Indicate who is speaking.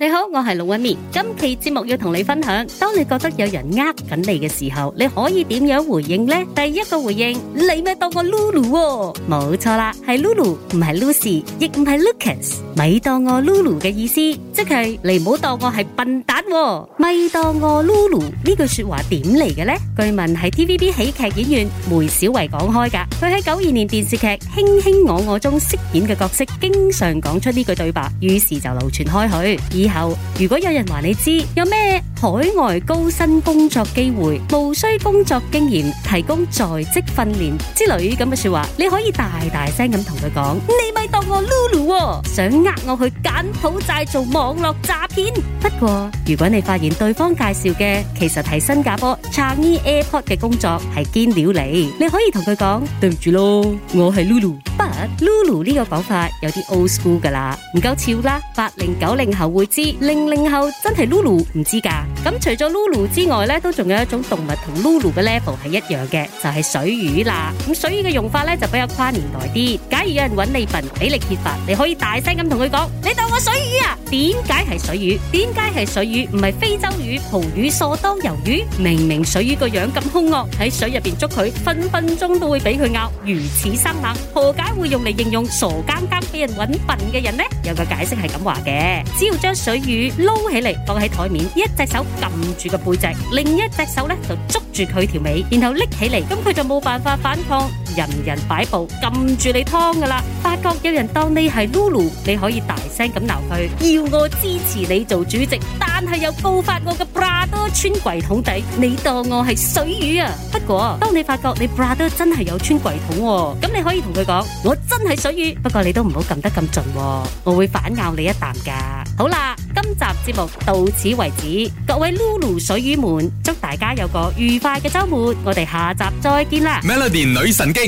Speaker 1: 你好，我係龍紋敏。今期節目要同你分享，當你覺得有人呃緊你嘅時候，你可以點樣回應呢？第一個回應，你咪當我 Lulu，冇、哦、錯啦，係 Lulu，唔係 Lucy，亦唔係 Lucas，咪當我 Lulu 嘅意思，即係你唔好當我係笨蛋、哦，咪當我 Lulu 呢句說話點嚟嘅呢？據聞係 TVB 喜劇演員梅小惠講開噶，佢喺九二年電視劇《卿卿我我》中飾演嘅角色，經常講出呢句對白，於是就流傳開去。如果有人話你知，有咩海外高薪工作機會，無需工作經驗，提供在職訓練之類咁嘅說話，你可以大大聲咁同佢講，你咪當我 Lulu 啊？想呃我去柬埔寨做網絡詐騙。不過如果你發現對方介紹嘅其實係新加坡 Changi Airport 嘅工作係堅料嚟，你可以同佢講，對唔住咯，我係 Lulu。But Lulu 呢個講法有啲 old school 噶啦，唔夠潮啦。八零九零後會知，零零後真係 Lulu 唔知噶。咁、嗯、除咗 Lulu 之外咧，都仲有一種動物同 Lulu 嘅 level 係一樣嘅，就係、是、水魚啦。咁、嗯、水魚嘅用法咧就比較跨年代啲。假如有人揾你笨，俾你揭發，你可以大聲咁同佢講，你當我水魚啊？點解係水魚？點解係水魚？唔係非洲魚、蒲魚、傻當魷魚？明明水魚個樣咁兇惡，喺水入邊捉佢，分分鐘都會俾佢咬。如此生猛，何解會用嚟形容傻更更俾人揾笨嘅人呢？有個解釋係咁話嘅，只要將水魚撈起嚟放喺台面，一隻手，撳住個背脊，另一隻手呢就捉住佢條尾，然後拎起嚟，咁佢就冇辦法反抗。人人擺布，撳住你湯噶啦！發覺有人當你係 Lulu，你可以大聲咁鬧佢。叫我支持你做主席，但係又告發我嘅 brother 穿櫃桶底，你當我係水魚啊！不過當你發覺你 brother 真係有穿櫃桶，咁你可以同佢講，我真係水魚。不過你都唔好撳得咁盡，我會反咬你一啖噶。好啦，今集節目到此為止，各位 Lulu 水魚們，祝大家有個愉快嘅周末，我哋下集再見啦。Melody 女神經。